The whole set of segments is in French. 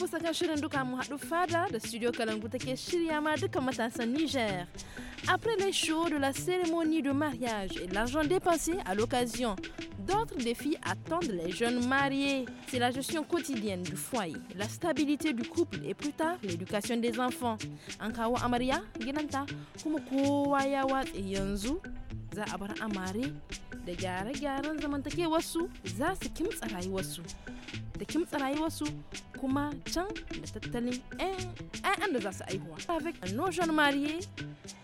bisa kan shirin duka mu haɗu fada da studio Kalangu take shirya ma duka matasan Niger. Après les shows de la cérémonie de mariage et l'argent dépensé à l'occasion, d'autres défis attendent les jeunes mariés. C'est la gestion quotidienne du foyer, la stabilité du couple et plus tard l'éducation des enfants. An kawo amarya, gidanta, kuma kowa ya watsa yanzu za a bar amare avec nos jeunes mariés,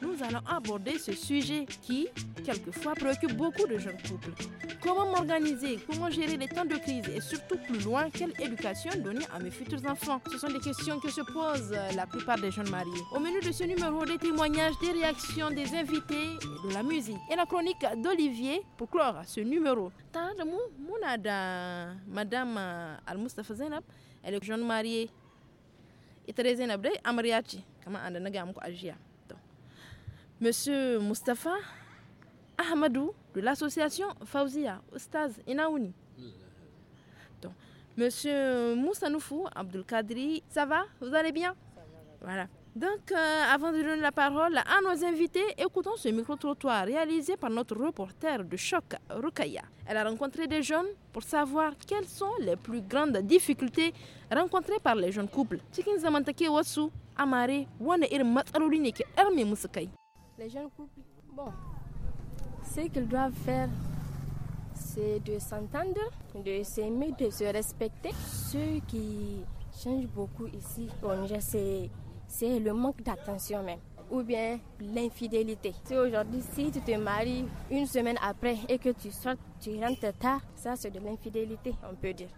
nous allons aborder ce sujet qui, quelquefois, préoccupe beaucoup de jeunes couples. Comment m'organiser, comment gérer les temps de crise et surtout plus loin, quelle éducation donner à mes futurs enfants Ce sont des questions que se posent euh, la plupart des jeunes mariés. Au menu de ce numéro, des témoignages, des réactions des invités, de la musique et la chronique d'Olivier pour folklore ce numéro. Tadamou, Mounada, Madame euh, Al-Mustafa Zainab, elle est jeune mariée. Et très Zainab, elle est Comment on a gagné à Monsieur Mustafa Ahmadou de l'association Fauzia, Oustaz Inaouni. Donc, Monsieur Moussa Noufou, Abdul Kadri, ça va Vous allez bien Voilà. Donc, euh, avant de donner la parole à nos invités, écoutons ce micro-trottoir réalisé par notre reporter de choc, Rukaya. Elle a rencontré des jeunes pour savoir quelles sont les plus grandes difficultés rencontrées par les jeunes couples. Les jeunes couples, bon, ce qu'ils doivent faire, c'est de s'entendre, de s'aimer, de se respecter. Ce qui change beaucoup ici, bon, je sais c'est le manque d'attention même ou bien l'infidélité. Si aujourd'hui, si tu te maries une semaine après et que tu tu rentres tard, ça c'est de l'infidélité, on peut dire.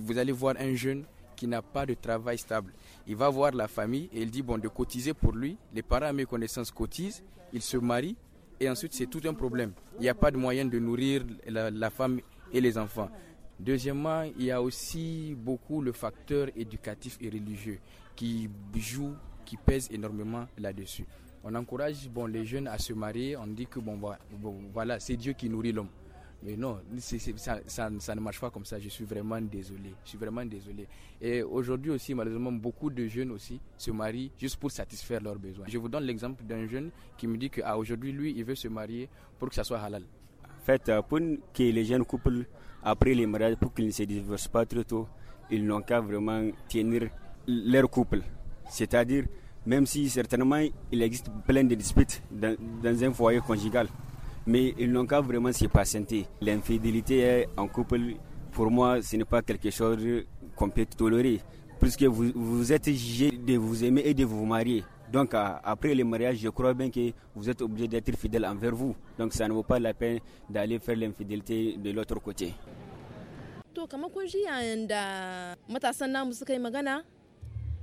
Vous allez voir un jeune qui n'a pas de travail stable. Il va voir la famille et il dit, bon, de cotiser pour lui, les parents à mes connaissances cotisent, il se marie et ensuite c'est tout un problème. Il n'y a pas de moyen de nourrir la femme et les enfants. Deuxièmement, il y a aussi beaucoup le facteur éducatif et religieux qui joue, qui pèse énormément là-dessus. On encourage bon, les jeunes à se marier, on dit que bon, voilà, c'est Dieu qui nourrit l'homme. Mais non, ça, ne marche pas comme ça. Je suis vraiment désolé. Je suis vraiment désolé. Et aujourd'hui aussi, malheureusement, beaucoup de jeunes aussi se marient juste pour satisfaire leurs besoins. Je vous donne l'exemple d'un jeune qui me dit qu'aujourd'hui, aujourd'hui, lui, il veut se marier pour que ça soit halal. En fait, euh, pour que les jeunes couples, après les mariages, pour qu'ils ne se divorcent pas trop tôt, ils n'ont qu'à vraiment tenir leur couple. C'est-à-dire, même si certainement il existe plein de disputes dans, dans un foyer conjugal, mais ils n'ont qu'à vraiment s'y patienter. L'infidélité en couple, pour moi, ce n'est pas quelque chose qu'on peut tolérer, puisque vous, vous êtes jugé de vous aimer et de vous marier. Donc après le mariage, je crois bien que vous êtes obligé d'être fidèle envers vous. Donc ça ne vaut pas la peine d'aller faire l'infidélité de l'autre côté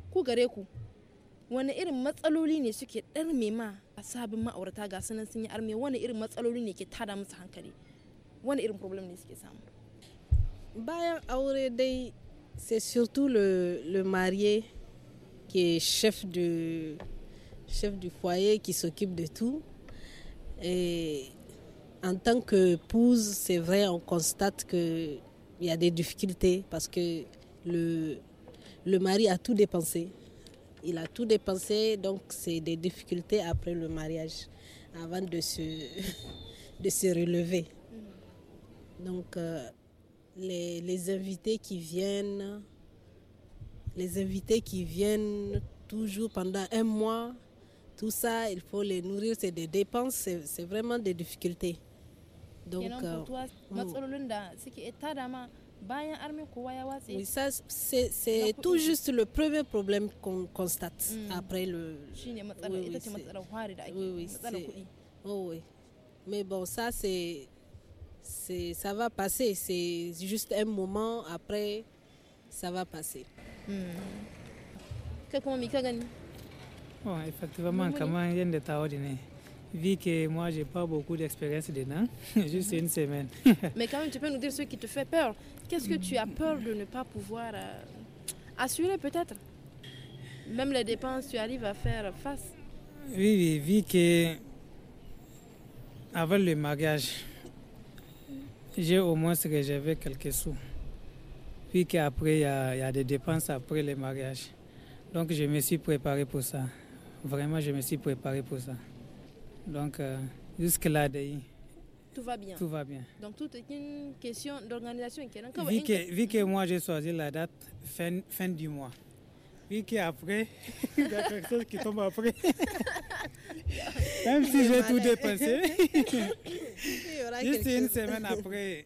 ku gare ku wani irin matsaloli ne suke ɗarme ma a sabin ma'aurata ga sanan sun yi arme wani irin matsaloli ne ke tada musu hankali wani irin problem ne suke samu bayan aure dai c'est surtout le, le marié qui est chef du, chef du foyer qui s'occupe de tout et en tant que épouse c'est vrai on constate que il y a des difficultés parce que le le mari a tout dépensé. Il a tout dépensé, donc c'est des difficultés après le mariage, avant de se, de se relever. Donc, euh, les, invités qui viennent, les invités qui viennent toujours pendant un mois, tout ça, il faut les nourrir, c'est des dépenses, c'est vraiment des difficultés. Oui, ça, c'est tout juste le premier problème qu'on constate hmm. après le. Oui, oui, oh, oui. Mais bon, ça, c'est. Ça va passer. C'est juste un moment après, ça va passer. Hmm. Effectivement, comment il y a vu que moi, j'ai pas beaucoup d'expérience dedans, juste une semaine. Mais quand même, tu peux nous dire ce qui te fait peur. Qu'est-ce que tu as peur de ne pas pouvoir euh, assurer peut-être Même les dépenses, tu arrives à faire face. Oui, oui, vu que avant le mariage, j'ai au moins réservé quelques sous. Puis qu'après, il y, y, a des dépenses après le mariage. Donc, je me suis préparé pour ça. Vraiment, je me suis préparé pour ça. Donc, euh, jusque-là, tout va bien. Tout va bien. Donc, tout est une question d'organisation. Vu que, vu que moi, j'ai choisi la date fin, fin du mois. Vu qu'après, il y a quelque chose qui tombe après. Même si j'ai tout dépensé, juste une semaine après.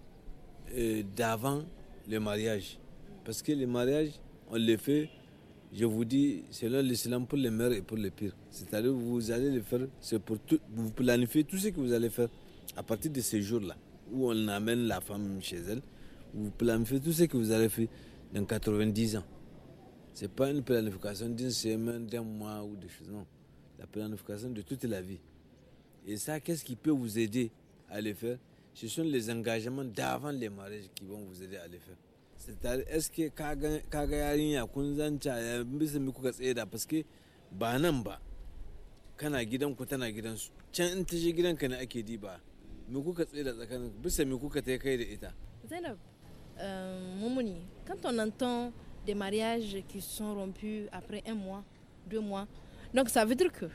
Euh, d'avant le mariage. Parce que le mariage, on le fait, je vous dis, selon l'islam, pour les meilleur et pour les pires C'est-à-dire vous allez le faire, c'est pour tout, vous planifiez tout ce que vous allez faire à partir de ces jours-là, où on amène la femme chez elle. Vous planifiez tout ce que vous allez faire dans 90 ans. Ce n'est pas une planification d'une semaine, d'un mois ou des choses, non. La planification de toute la vie. Et ça, qu'est-ce qui peut vous aider à le faire ce sont les engagements d'avant les mariages qui vont vous aider à les faire. C'est-à-dire, est-ce que kaga yarinya kun zanta ya eh, bisa mi ka tsaya da paske ba nan ba kana gidan ku tana gidan su can in ta gidan ka ne ake diba mi kuka tsaya da tsakanin bisa mi kuka ta kai da ita Zainab euh, quand on entend des mariages qui sont rompus après un mois, deux mois, donc ça veut dire que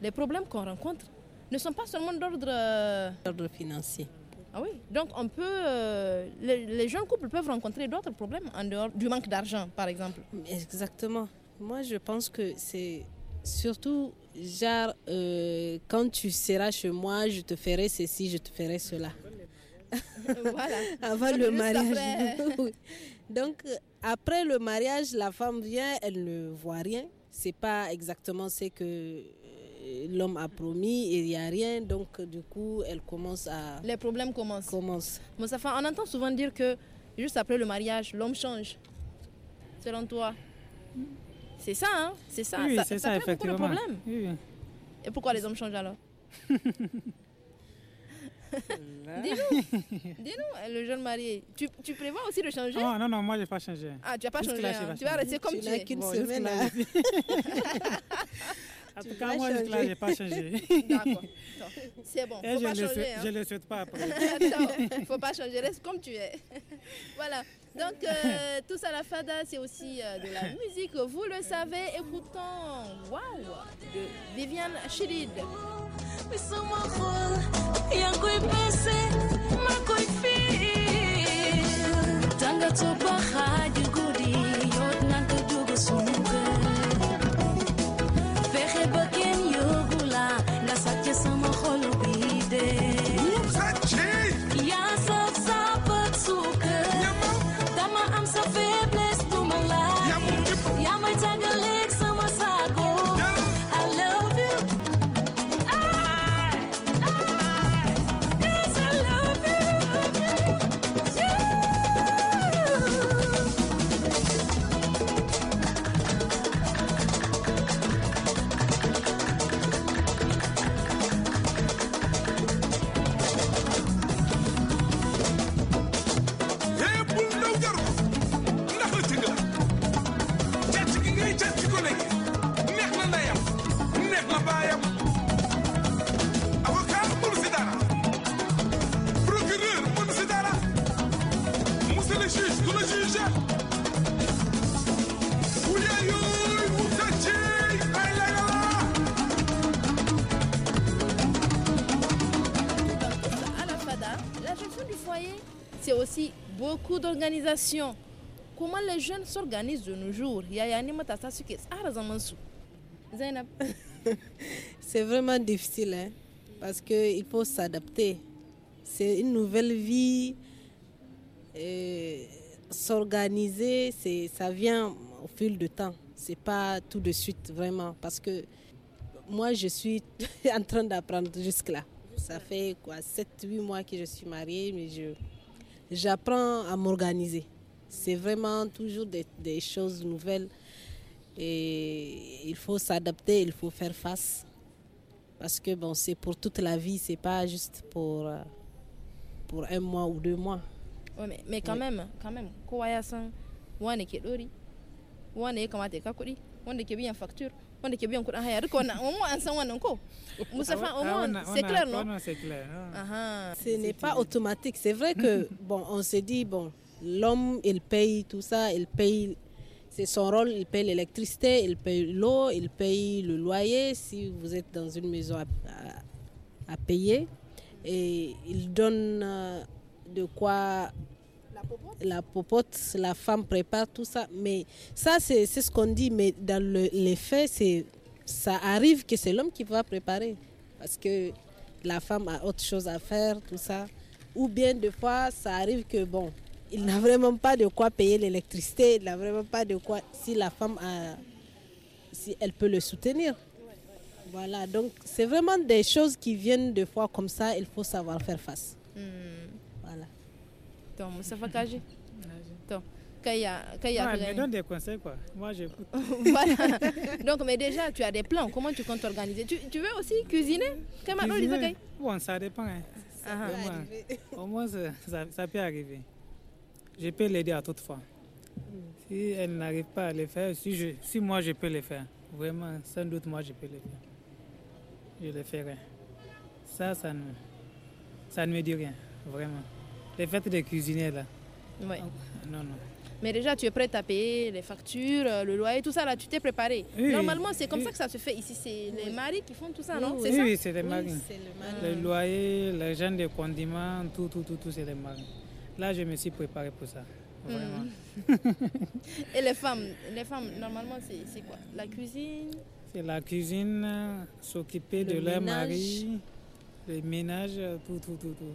les problèmes qu'on rencontre ne sont pas seulement d'ordre euh, d'ordre financier. Ah oui, donc on peut, euh, les, jeunes couples peuvent rencontrer d'autres problèmes en dehors du manque d'argent, par exemple. Exactement. Moi, je pense que c'est surtout, genre, euh, quand tu seras chez moi, je te ferai ceci, je te ferai cela. voilà. Avant le mariage. donc, après le mariage, la femme vient, elle ne voit rien. C'est pas exactement ce que l'homme a promis et il n'y a rien. Donc, du coup, elle commence à. Les problèmes commencent. Moussafa, on entend souvent dire que juste après le mariage, l'homme change. Selon toi C'est ça, hein C'est ça. Oui, c'est ça, ça, effectivement. Et pourquoi les hommes changent alors Dis-nous, dis le jeune marié, tu, prévois aussi de changer Non oh, Non, non, moi je n'ai pas changé. Ah, tu n'as pas changé. Hein. tu vas rester comme tu, tu es. qu'une semaine. En tout cas, moi, je ne l'ai pas changé. D'accord. C'est bon. Eh, je ne le, souhaite hein. pas après. Il ne faut pas changer. Reste comme tu es. voilà. Donc, euh, tout ça, la fada, c'est aussi euh, de la musique. Vous le savez, écoutons Waouh de Viviane Chirid. l'organisation. Comment les jeunes s'organisent de nos jours C'est vraiment difficile hein, parce qu'il faut s'adapter. C'est une nouvelle vie. s'organiser, ça vient au fil du temps. C'est pas tout de suite vraiment parce que moi je suis en train d'apprendre jusque-là. Ça fait quoi 7 8 mois que je suis mariée mais je j'apprends à m'organiser. C'est vraiment toujours des, choses nouvelles et il faut s'adapter, il faut faire face. Parce que bon, c'est pour toute la vie, c'est pas juste pour, euh, pour un mois ou deux mois. mais, mais, quand même, quand même, facture, ce n'est pas automatique c'est vrai que bon on se dit bon l'homme il paye tout ça il paye c'est son rôle, il paye l'électricité, il paye l'eau, il paye le loyer si vous êtes dans une maison à, à payer. Et il donne euh, de quoi la popote, la femme prépare tout ça. Mais ça, c'est ce qu'on dit, mais dans le, les faits, ça arrive que c'est l'homme qui va préparer. Parce que la femme a autre chose à faire, tout ça. Ou bien des fois, ça arrive que, bon, il n'a vraiment pas de quoi payer l'électricité, il n'a vraiment pas de quoi, si la femme a, si elle peut le soutenir. Voilà, donc c'est vraiment des choses qui viennent des fois comme ça, il faut savoir faire face. Hmm ça donne des conseils moi donc mais déjà tu as des plans comment tu comptes organiser tu, veux aussi cuisiner bon ça dépend hein. ça au moins ça, peut arriver je peux l'aider à toute fois hmm. si elle n'arrive pas à le faire si je si moi je peux le faire vraiment sans doute moi je peux le faire je le ferai ça ça ne me dit rien vraiment les fêtes de cuisiner là. Oui. Ah, non, non. Mais déjà, tu es prête à payer les factures, euh, le loyer, tout ça, là, tu t'es préparé. Normalement, c'est comme ça que ça se fait ici. C'est les maris qui font tout ça, non c'est Oui, c'est les maris. Le, loyer, les gens des condiments, tout, tout, tout, tout, c'est les maris. Là, je me suis préparé pour ça. Vraiment. Mm. Et les femmes, les femmes, normalement, c'est quoi La cuisine C'est la cuisine, s'occuper de leur mari, le ménage, tout, tout, tout, tout.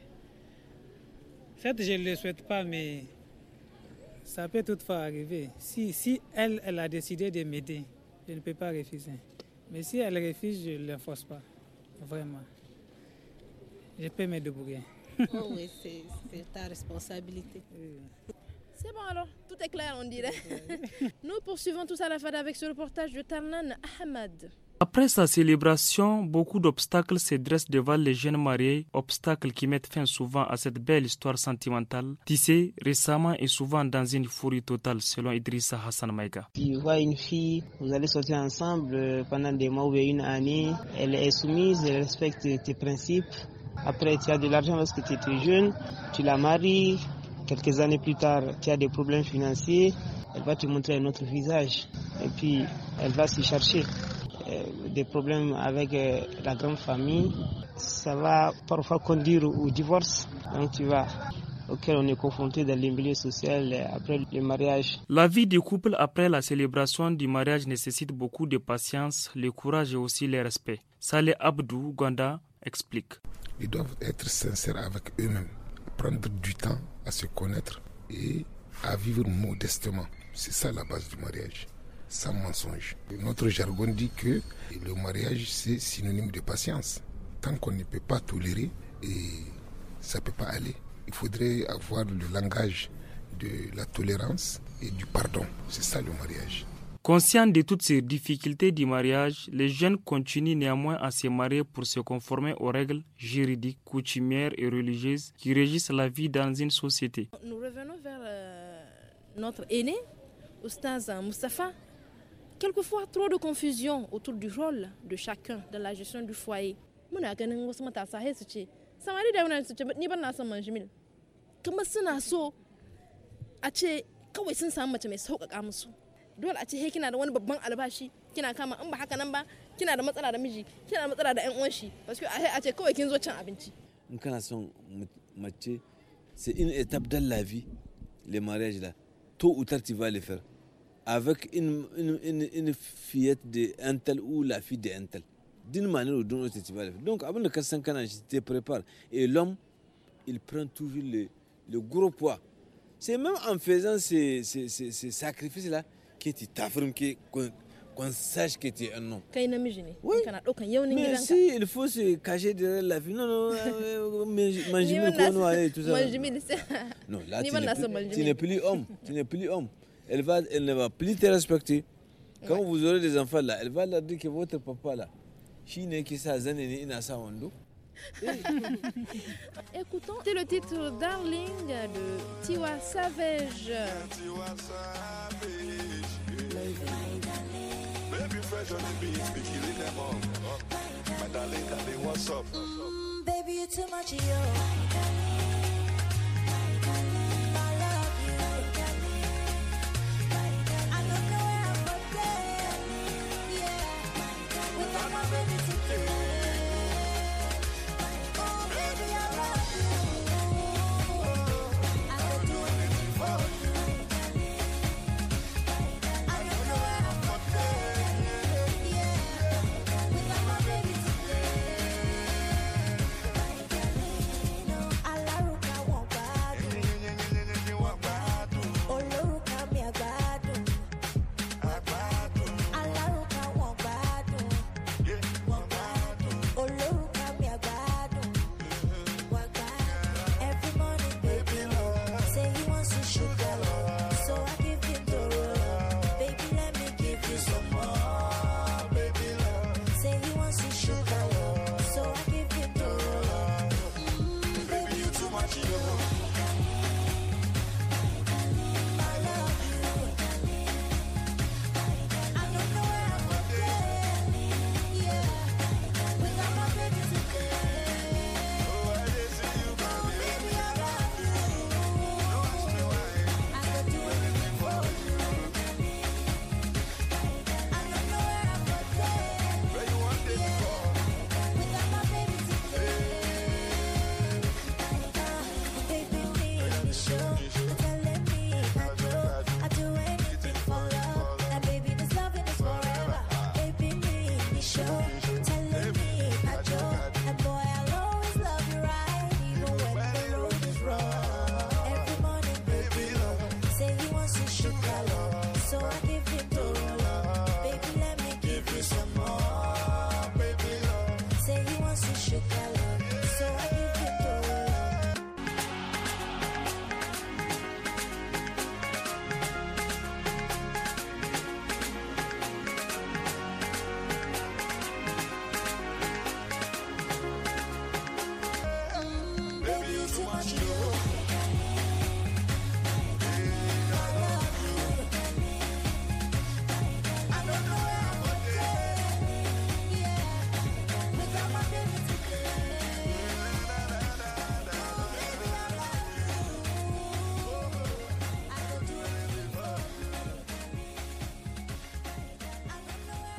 Certes, je ne le souhaite pas, mais ça peut toutefois arriver. Si, si elle, elle a décidé de m'aider, je ne peux pas refuser. Mais si elle refuse, je ne la pas. Vraiment. Je peux me débrouiller. oh oui, c'est ta responsabilité. C'est bon alors, tout est clair on dirait. Nous poursuivons tous à la fin avec ce reportage de Tarnan Ahmad. Après sa célébration, beaucoup d'obstacles se dressent devant les jeunes mariés, obstacles qui mettent fin souvent à cette belle histoire sentimentale, tissée récemment et souvent dans une furie totale, selon Idrissa Hassan Maïga. Tu vois une fille, vous allez sortir ensemble euh, pendant des mois ou une année, elle est soumise, elle respecte tes principes. Après, tu as de l'argent parce que tu étais jeune, tu la maries, quelques années plus tard, tu as des problèmes financiers, elle va te montrer un autre visage, et puis elle va s'y chercher. Euh, des problèmes avec euh, la grande famille. Ça va parfois conduire au divorce. tu vas auquel on est confronté dans les milieux sociaux euh, après le mariage. La vie du couple après la célébration du mariage nécessite beaucoup de patience, le courage et aussi le respect. Saleh Abdou Gwanda explique. Ils doivent être sincères avec eux-mêmes, prendre du temps à se connaître et à vivre modestement. C'est ça la base du mariage sans mensonge. Notre jargon dit que le mariage, c'est synonyme de patience. Tant qu'on ne peut pas tolérer, et ça ne peut pas aller. Il faudrait avoir le langage de la tolérance et du pardon. C'est ça le mariage. Conscient de toutes ces difficultés du mariage, les jeunes continuent néanmoins à se marier pour se conformer aux règles juridiques, coutumières et religieuses qui régissent la vie dans une société. Nous revenons vers euh, notre aîné, Oustaza Moustapha, quelquefois trop de confusion autour du rôle de chacun dans la gestion du foyer. Muna ganin wasu matasa sai su samari da su ni ban na son manjimil. Kamar suna so a ce kawai sun samu mace mai sauƙaƙa musu. Dole a ce he kina da wani babban albashi kina kama in ba haka nan ba kina da matsala da miji kina da matsala da 'yan uwan shi. a ce kawai kin zo cin abinci. In kana son mace c'est une étape dans la vie, le mariage là. tout ou tard, tu vas les faire avec une, une, une, fillette d'un tel ou la fille d'un tel. D'une manière ou d'une autre, tu vas le faire. Donc, avant de 5 ans, je te prépare. Et l'homme, il prend toujours le, le gros poids. C'est même en faisant ces, ces, ces, ces sacrifices-là que tu t'affirmes qu'on sache que tu es un homme. Oui. Mais si il faut se cacher derrière la vie, non, non, euh, mangez-moi, quoi, et tout ça. Non, là, tu n'es plus homme. Tu n'es plus homme elle, va, elle ne va plus te respecter. Quand vous aurez des enfants là, elle va leur dire que votre papa là, chine qui ça sa sa wando. Écoutons le titre Darling de Tiwa Savage. Baby fresh the be My darling, mm, baby, you're too much, Baby,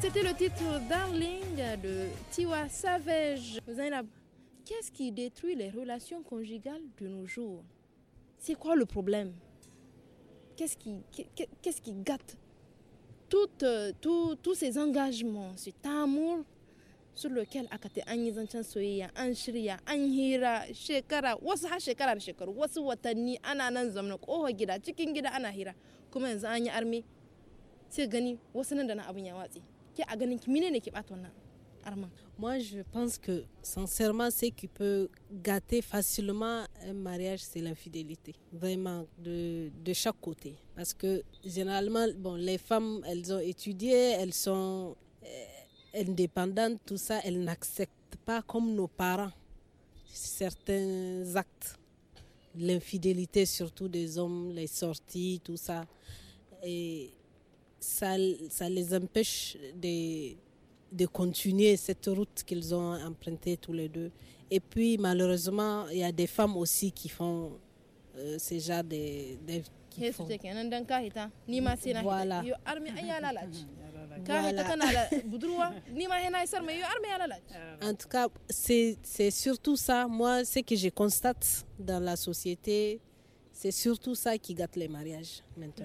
C'était le titre Darling de Tiwa Savage. qu'est-ce qui détruit les relations conjugales de nos jours C'est quoi le problème Qu'est-ce qui, qu'est-ce qui gâte tout, euh, tout, tous ces engagements, cet amour sur lequel akate an yi Anshriya, soyayya an shirya an hira shekara shekara da shekaru wasu watanni ana nan zamna koho gida cikin gida ana hira kuma yanzu an gani wasu nan da ya moi, je pense que, sincèrement, ce qui peut gâter facilement un mariage, c'est l'infidélité. Vraiment, de, chaque côté. Parce que, généralement, bon, les femmes, elles ont étudié, elles sont euh, indépendantes, tout ça, elles n'acceptent pas, comme nos parents, certains actes. L'infidélité, surtout des hommes, les sorties, tout ça. Et ça, ça les empêche de, de continuer cette route qu'ils ont empruntée tous les deux. Et puis malheureusement, il y a des femmes aussi qui font euh, ce genre de... En tout cas, c'est surtout ça. Moi, ce que je constate dans la société, c'est surtout ça qui gâte les mariages maintenant.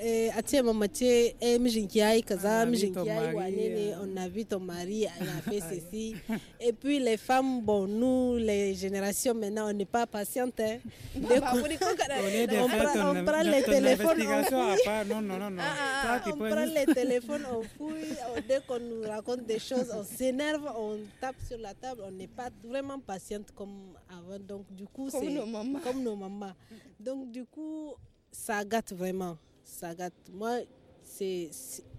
Eh, a ma e eh mijinki yayi kaza mijinki yayi on a vu ton mari elle a fait ceci et puis les femmes bon nous les générations maintenant on n'est pas patiente hein. on, prend, ah, ah, ah, les téléphones on fouille non, non, non, on prend les téléphones on fouille dès qu'on nous raconte des choses on s'énerve on tape sur la table on n'est pas vraiment patiente comme avant donc du coup c'est comme nos mamans donc du coup ça gâte vraiment Sagat, moi, il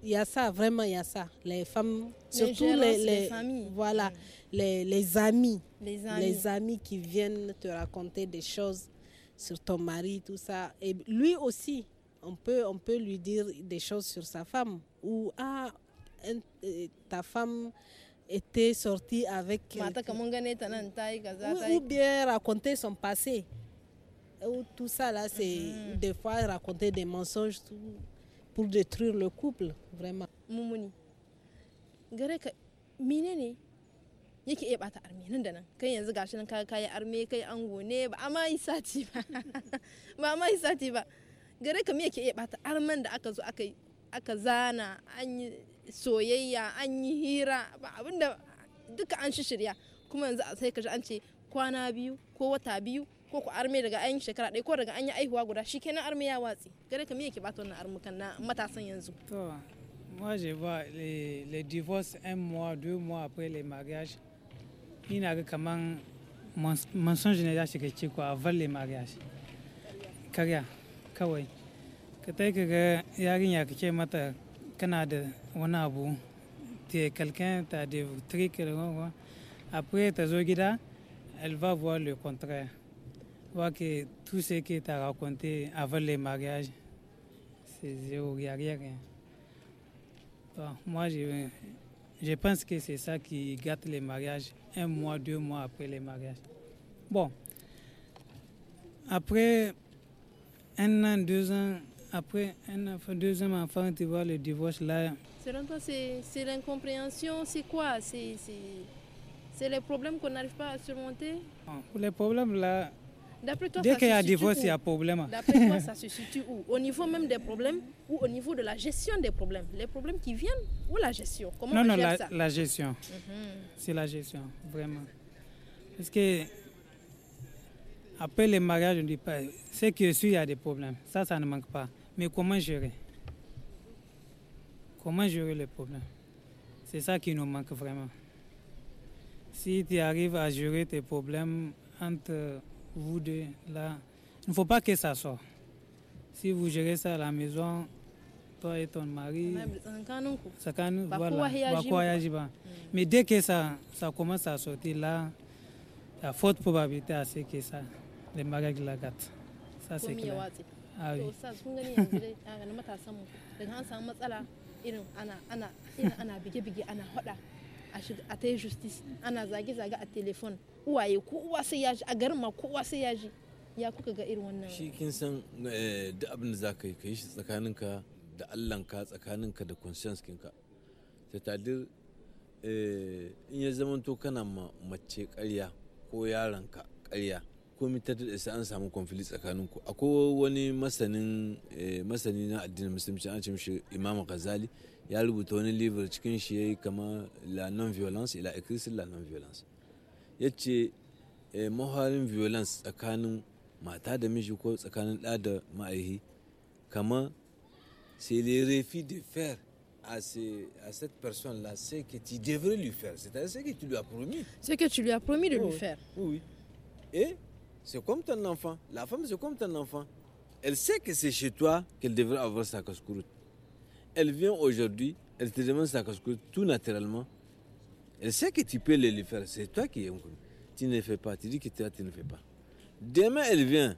y a ça, vraiment, il y a ça. Les femmes, surtout les, les, Voilà, mm. les, amis, les amis. Les amis qui viennent te raconter des choses sur ton mari, tout ça. Et lui aussi, on peut, on peut lui dire des choses sur sa femme. Ou, ah, euh, ta femme était sortie avec... Ou bien raconter son passé où tout ça là, c'est mm-hmm. des fois raconter des mensonges pour détruire le couple, vraiment. Moumouni, gareka ni yake iya bata arme nan da nan kai yanzu gashi nan kaga kayi arme kai ango ne ba a ma yi sati ba ba ma yi sati ba gare ka me yake iya bata arman da aka zo aka aka zana an yi soyayya an yi hira ba abinda duka an shirya kuma yanzu a sai ka ji an ce kwana biyu ko wata biyu ko ku arme daga an shekara ɗaya ko daga an yi aihuwa guda shi kenan arme ya watsi gare ka me yake bata wannan armukan na matasan yanzu to moi je vois les, les divorces un mois deux mois après les mariages ina ga kaman mensonge ne za ke ci ko avant les mariages karya kawai ka tai ka ga yarinya ya kace mata kana da wani abu t'es quelqu'un, t'as des trucs, après zo gida elle va voir le contraire vois que tout ce que tu as raconté avant les mariages, c'est zéro, rien. moi, je, pense que c'est ça qui gâte les mariages un mois, deux mois après les mariages. Bon, après un an, deux ans, après un enfant, deux ans, enfant, tu vois le divorce là. Selon toi, c'est l'incompréhension, c'est quoi C'est les problèmes qu'on n'arrive pas à surmonter Pour les problèmes là, Dès qu'il y a divorce, il y a problème. D'après toi, ça se situe où Au niveau même des problèmes ou au niveau de la gestion des problèmes Les problèmes qui viennent ou la gestion Comment Non, non, la, gestion. Mhm. C'est la gestion, vraiment. Parce que après le mariage, on ne dit pas. C'est que suis, il y a des problèmes. Ça, ça ne manque pas. Mais comment gérer Comment gérer les problèmes C'est ça qui nous manque vraiment. Si tu arrives à gérer tes problèmes entre vous deux, là, il ne faut pas que ça sorte. Si vous gérez ça à la maison, toi et ton mari, ça can, voilà, mm. Mais dès que ça, ça commence à sortir, là, il y a forte probabilité à ce que ça, les mariages la gâtent. Ça, c'est clair. Ah oui. a ta yi justice ana zage-zage a telefon uwaye kowa sai ya ji a garin ma kowa sai ya ji ya kuka ga irin wannan shi kin san eh, duk abin da za ka yi ka yi shi tsakaninka da allanka tsakaninka da conscience kinka tadir eh, in ya zamanto kana ma mace karya ko yaranka karya ko mitar da sai an samu tsakanin tsakaninku akwai wani masanin eh, masani na addinin musulunci an ce mishi imam ghazali Il a écrit sur cikin shi la non-violence Il a écrit sur la non-violence ya a écrit eh, violence tsakanin mata da miji c'est le refus de faire à, cette personne-là ce que tu devrais lui faire, c'est-à-dire ce que tu lui as promis. Ce que tu lui as promis de lui faire. Oui. Et c'est comme ton enfant. La femme, c'est comme ton enfant. Elle sait que c'est chez toi qu'elle devrait avoir sa casse-croûte elle vient aujourd'hui, elle te demande ça parce que tout naturellement, elle sait que tu peux le lui faire. C'est toi qui tu ne fais pas. Tu dis que tu ne fais pas. Demain, elle vient,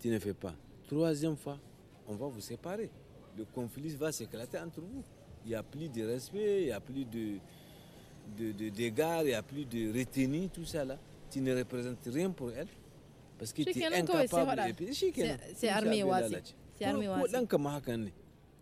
tu ne fais pas. Troisième fois, on va vous séparer. Le conflit va s'éclater entre vous. Il n'y a plus de respect, il n'y a plus de, de, d'égard, il n'y a plus de retenue, tout ça là. Tu ne représentes rien pour elle. Parce que tu es incapable C'est armé, C'est armé,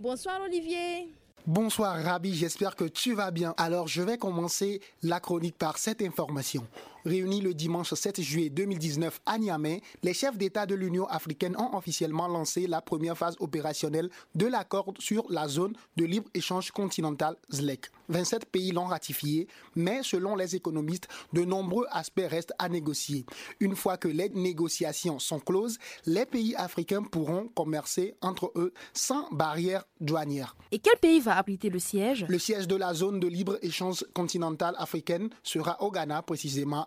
Bonsoir Olivier. Bonsoir Rabbi, j'espère que tu vas bien. Alors je vais commencer la chronique par cette information. Réunis le dimanche 7 juillet 2019 à Niamey, les chefs d'État de l'Union africaine ont officiellement lancé la première phase opérationnelle de l'accord sur la zone de libre-échange continental ZLEC. 27 pays l'ont ratifié, mais selon les économistes, de nombreux aspects restent à négocier. Une fois que les négociations sont closes, les pays africains pourront commercer entre eux sans barrière douanière. Et quel pays va abriter le siège Le siège de la zone de libre-échange continentale africaine sera au Ghana, précisément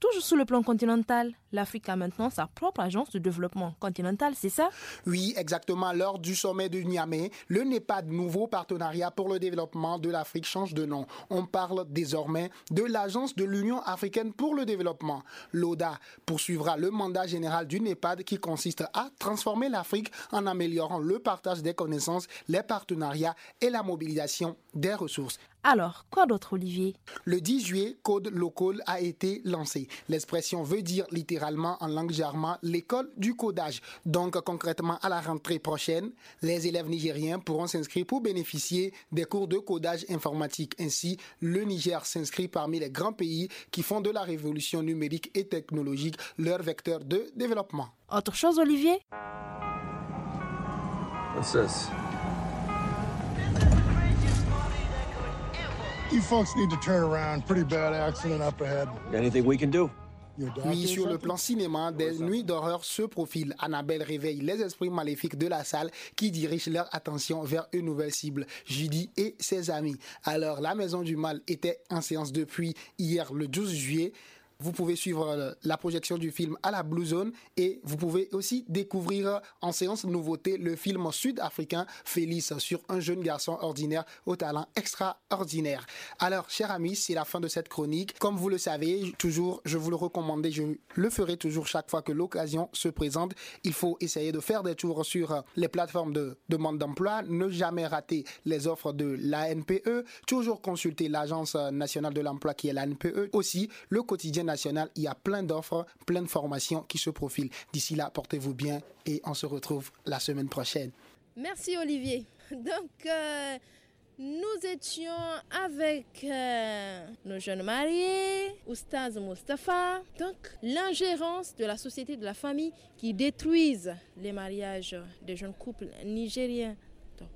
Toujours sous le plan continental, l'Afrique a maintenant sa propre agence de développement continental, c'est ça Oui, exactement. Lors du sommet de Niamey, le NEPAD, nouveau partenariat pour le développement de l'Afrique, change de nom. On parle désormais de l'Agence de l'Union africaine pour le développement. L'ODA poursuivra le mandat général du NEPAD qui consiste à transformer l'Afrique en améliorant le partage des connaissances, les partenariats et la mobilisation des ressources. Alors, quoi d'autre, Olivier Le 10 juillet, Code Local a été lancé. L'expression veut dire littéralement en langue germain l'école du codage. Donc, concrètement, à la rentrée prochaine, les élèves nigériens pourront s'inscrire pour bénéficier des cours de codage informatique. Ainsi, le Niger s'inscrit parmi les grands pays qui font de la révolution numérique et technologique leur vecteur de développement. Autre chose, Olivier You folks need to turn around. accident up ahead. Anything we can do? Oui, sur le plan cinéma, des nuits d'horreur se profilent. Annabelle réveille les esprits maléfiques de la salle qui dirigent leur attention vers une nouvelle cible, Judy et ses amis. Alors, la Maison du Mal était en séance depuis hier le 12 juillet vous pouvez suivre euh, la projection du film à la Blue Zone et vous pouvez aussi découvrir euh, en séance nouveauté le film sud-africain Félix sur un jeune garçon ordinaire au talent extraordinaire. Alors, chers amis, c'est la fin de cette chronique. Comme vous le savez, toujours, je vous le recommande et je le ferai toujours chaque fois que l'occasion se présente. Il faut essayer de faire des tours sur euh, les plateformes de demande d'emploi, ne jamais rater les offres de l'ANPE, toujours consulter l'Agence nationale de l'emploi qui est l'ANPE, aussi le quotidien il y a plein d'offres, plein de formations qui se profilent. D'ici là, portez-vous bien et on se retrouve la semaine prochaine. Merci Olivier. Donc, euh, nous étions avec euh, nos jeunes mariés, Oustaz Mustafa, donc l'ingérence de la société de la famille qui détruise les mariages des jeunes couples nigériens. Donc,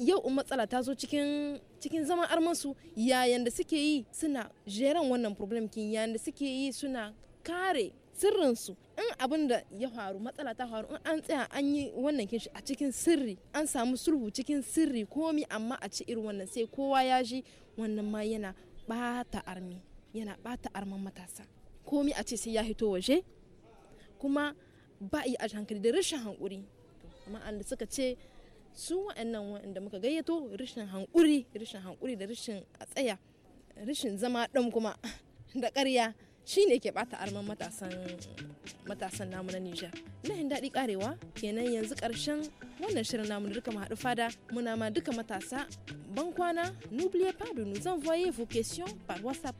yau in matsala ta zo cikin zama zaman armasu yayin da suke yi suna jeran wannan problem kin yayin da suke yi suna kare sirrinsu in abin da ya faru matsala ta faru in an tsaya an yi wannan kinshi a cikin sirri an samu sulhu cikin sirri komi amma a ci irin wannan sai kowa ya ji wannan ma yana bata armi yana bata arman matasa komi a ce sai ya hito waje kuma ba yi a hankali da rashin hankuri amma an da suka ce su wa'annan wa'anda muka gayyato rashin hankuri rashin hankuri da rashin a tsaya rashin zama ɗan kuma da ƙarya shine ke bata arman matasan matasan namu na Nijar. Lahin daɗi karewa kenan yanzu ƙarshen wannan shirin namu da duka haɗu fada muna ma duka matasa ban kwana n'oubliez pas de nous envoyer vos questions par WhatsApp.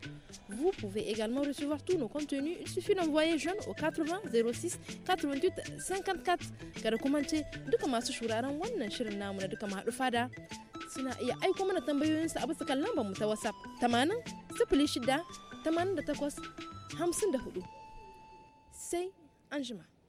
Vous pouvez également recevoir tous nos contenus. Il suffit d'envoyer jeune au 80 06 88 54. Kada kumance duka masu shuraren wannan shirin namu na duka haɗu fada suna iya aiko mana tambayoyinsu a bisa kan lambar mu ta WhatsApp 80 06 88 54 c'est un jumeau.